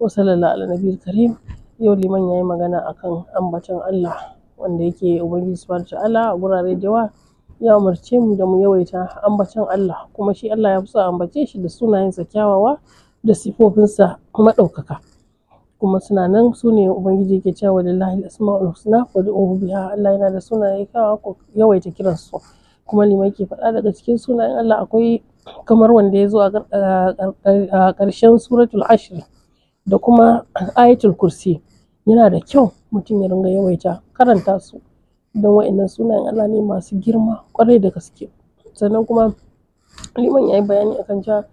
wasallallahu ala nabiyil karim yau liman ya yi magana akan ambaton Allah wanda yake ubangiji subhanahu ta'ala a gurare da yawa ya umarce mu da mu yawaita ambaton Allah kuma shi Allah ya fi so ambace shi da sunayensa kyawawa da sifofinsa maɗaukaka kuma suna nan su ne ubangiji ke cewa lillahi asma'ul husna wa du'u biha Allah yana da sunaye kyawawa ko yawaita kiransu kuma Liman ke faɗa daga cikin sunayen Allah akwai kamar wanda ya zo a ƙarshen suratul ashr da kuma ayatul kursi yana da kyau mutum ya ringa yawaita karanta su don wa'annan sunayen Allah ne masu girma kwarai da gaske sannan kuma liman ya yi bayani akan cewa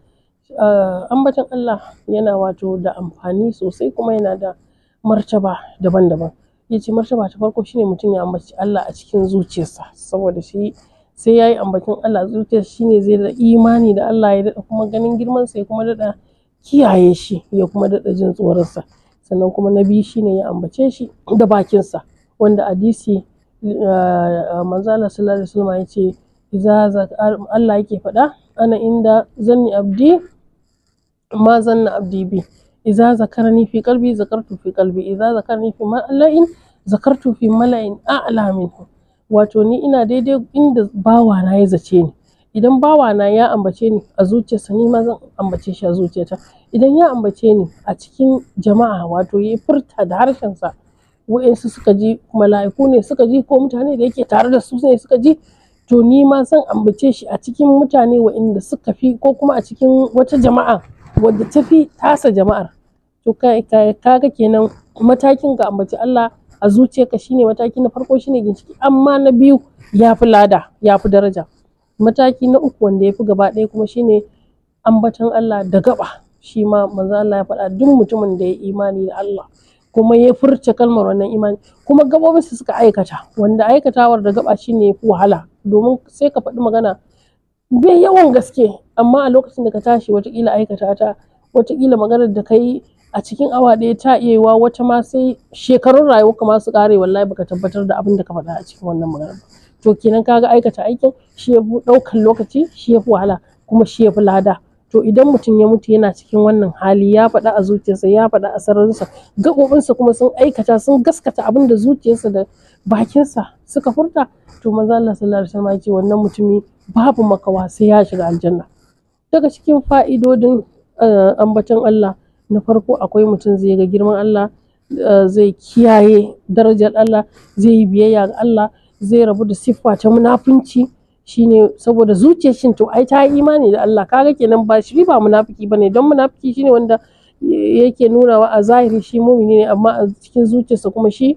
ambaton Allah yana wato da amfani sosai kuma yana da martaba daban-daban ya ce martaba ta farko shine mutum ya ambaci Allah a cikin zuciyarsa saboda shi sai ya yi ambaton Allah zuciyarsa shine zai da imani da Allah ya daɗa kuma ganin girmansa ya kuma daɗa kiyaye shi ya kuma daɗa jin tsoronsa sannan kuma na biyu shine ya ambace shi da bakinsa wanda hadisi eh, manzo Allah sallallahu alaihi wasallam yace idza Allah yake faɗa ana inda zanni abdi ma zanna abdi bi idza zakarni fi qalbi zakartu fi qalbi idza zakarni fi mala'in zakartu fi mala'in a'la minhu wato ni ina daidai inda bawana ya zace ni idan bawana ya ambace ni a zuciyarsa ni ma zan ambace shi a zuciyata idan ya ambace ni a cikin jama'a wato ya furta da harshensa wa'insu suka ji mala'iku ne suka ji ko mutane da yake tare da su ne suka ji to ni ma zan ambace shi a cikin mutane wa'inda suka fi ko kuma a cikin wata jama'a wadda ta fi tasa jama'ar to kaga kenan matakin ga ambaci Allah a zuciyarka shine mataki na farko shine ginshiki amma na biyu ya fi lada ya fi daraja mataki na uku wanda ya fi gaba ɗaya kuma shine ambatan Allah da gaba shi ma manzo Allah ya faɗa duk mutumin da ya imani da Allah kuma ya furta kalmar wannan imani kuma gabobin su suka aikata wanda aikatawar da gaba shine fi wahala domin sai ka faɗi magana bai yawan gaske amma a lokacin da ka tashi watakila aikata ta watakila maganar da kai a cikin awa ɗaya ta iya yiwa wata ma sai shekarun ka ma su ƙare wallahi baka tabbatar da abin da ka faɗa a cikin wannan magana to kenan kaga aikata aikin shi ya fi ɗaukan lokaci shi ya fi wahala kuma shi ya fi lada to idan mutum ya mutu yana cikin wannan hali ya faɗa a zuciyarsa ya faɗa a sararinsa gaɓoɓinsa kuma sun aikata sun gaskata abin da zuciyarsa da bakinsa suka furta to maza Allah sallallahu alaihi wasallam ya ce wannan mutumi babu makawa sai ya shiga aljanna daga cikin fa'idodin eh, ambaton Allah na farko akwai mutum zai ga girman Allah eh, zai kiyaye darajar Allah zai yi biyayya ga Allah zai rabu da siffa ta munafunci shine saboda zuciyar shin to ai ta imani da Allah kaga kenan ba shi ba munafiki bane don munafiki shine wanda yake nunawa a zahiri shi mumini ne amma a cikin zuciyarsa kuma shi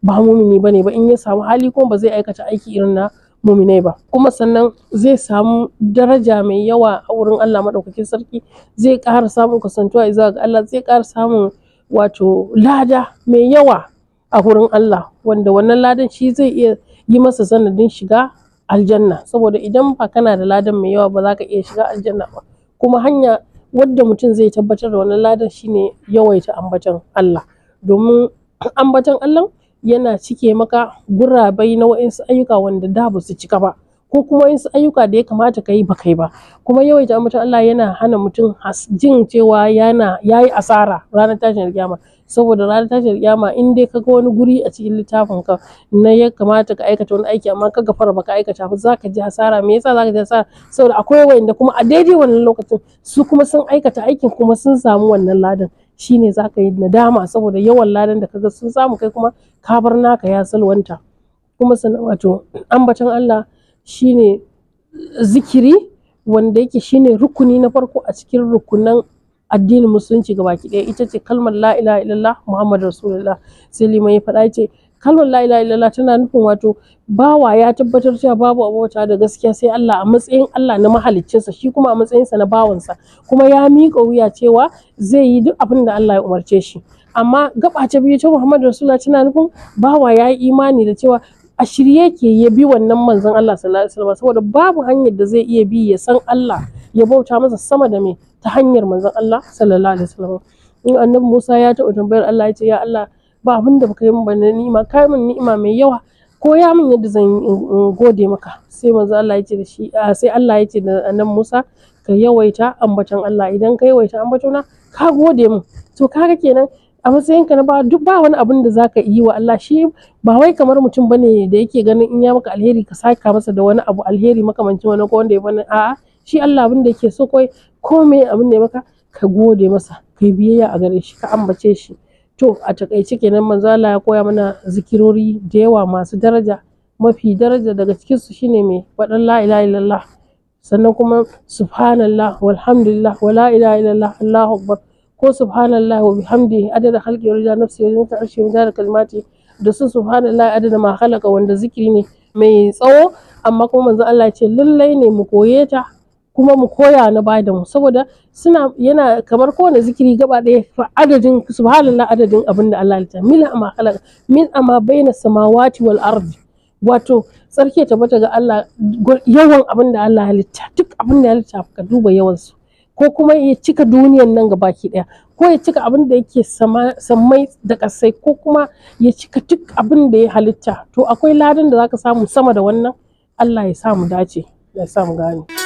ba mumini bane ba in ya samu hali kuma ba zai aikata aiki irin na muminai ba kuma sannan zai samu daraja mai yawa a wurin Allah madaukakin sarki zai ƙara samun kasantuwa zuwa ga Allah zai ƙara samun wato lada mai yawa a wurin Allah wanda wannan ladan shi zai iya yi masa sanadin shiga aljanna saboda idan ba kana da ladan mai yawa ba za ka iya shiga aljanna ba kuma hanya wadda mutum zai tabbatar da wannan ladan shine yawaita ambaton Allah domin ambaton Allah yana cike maka gurabai na wa'insu ayyuka wanda da ba su cika ba ko kuma wasu ayyuka da ya kamata ka yi ba kai ba kuma yawaita mutum Allah yana hana mutum jin cewa yana yayi asara ranar tashin kiyama saboda ranar tashin kiyama in dai ka ga wani guri a cikin littafin ka na ya kamata ka aikata wani aiki amma ka fara baka aikata ba zaka ji asara. me yasa zaka ji asara? saboda akwai wanda kuma a daidai wannan lokacin su kuma sun aikata aikin kuma sun samu wannan ladan shine zaka yi nadama saboda yawan ladan da ka ga sun samu kai kuma ka bar naka ya salwanta kuma wato ambaton Allah shine zikiri wanda yake shine rukuni na farko a cikin rukunan addinin musulunci ga baki ɗaya ita ce kalmar la ilaha illallah muhammadu rasulullah sai liman ya faɗa ce kalmar la ilaha illallah tana nufin wato bawa ya tabbatar cewa babu abota da gaskiya sai Allah a matsayin Allah na mahaliccinsa shi kuma a matsayinsa na bawansa kuma ya miƙa wuya cewa zai yi duk abin da Allah ya umarce shi amma gaba ta biyu ta Muhammadu Rasulullah tana nufin bawa ya yi imani da cewa a shirye ke ya bi wannan manzon Allah sallallahu alaihi wasallam saboda babu hanyar da zai iya bi ya san Allah ya bauta masa sama da mai ta hanyar manzon Allah sallallahu alaihi wasallam in annabi Musa ya taɓa tambayar Allah ya ce ya Allah ba abin da baka yi min ba ni'ima kai min ni'ima mai yawa ko ya min yadda zan gode maka sai Allah ya ce da shi ah, sai Allah ya ce da annabi Musa ka yawaita ambaton Allah idan ka yawaita ambatona ka gode mun to kaga kenan a matsayin ka na ba duk ba wani abin da zaka yi wa Allah shi ba wai kamar mutum bane da yake ganin in ya maka alheri ka saka masa da wani abu alheri makamancin wani ko wanda ya bani a'a shi Allah abin da yake so kai komai abin da ya maka ka gode masa kai biyayya a gare shi ka ambace shi to a takaice kenan manzo Allah ya koya mana zikirori da yawa masu daraja mafi daraja daga cikin su shine mai wadan la ilaha illallah sannan kuma subhanallah walhamdulillah wala ilaha illallah Allahu akbar ko subhanallah wa bihamdihi adada khalqi wa rida nafsi wa zinta arshi wa kalmati da su subhanallah adada ma khalaqa wanda zikiri ne mai tsawo amma kuma manzo Allah ya ce lallai ne mu koye ta kuma mu koya na bayan mu saboda suna yana kamar kowane zikiri gaba ɗaya fa adadin subhanallah adadin abin da Allah ya min amma khalaqa min amma baina samawati wal ardi wato tsarki ta bata ga Allah yawan abin da Allah halitta duk abin da halitta ka duba yawan su ko kuma ya cika duniyan nan gabaki daya ko ya cika abin da yake sammai da kasai ko kuma ya cika duk abin da ya halitta to akwai ladan da zaka samu sama da wannan Allah ya samu dace ya samu gane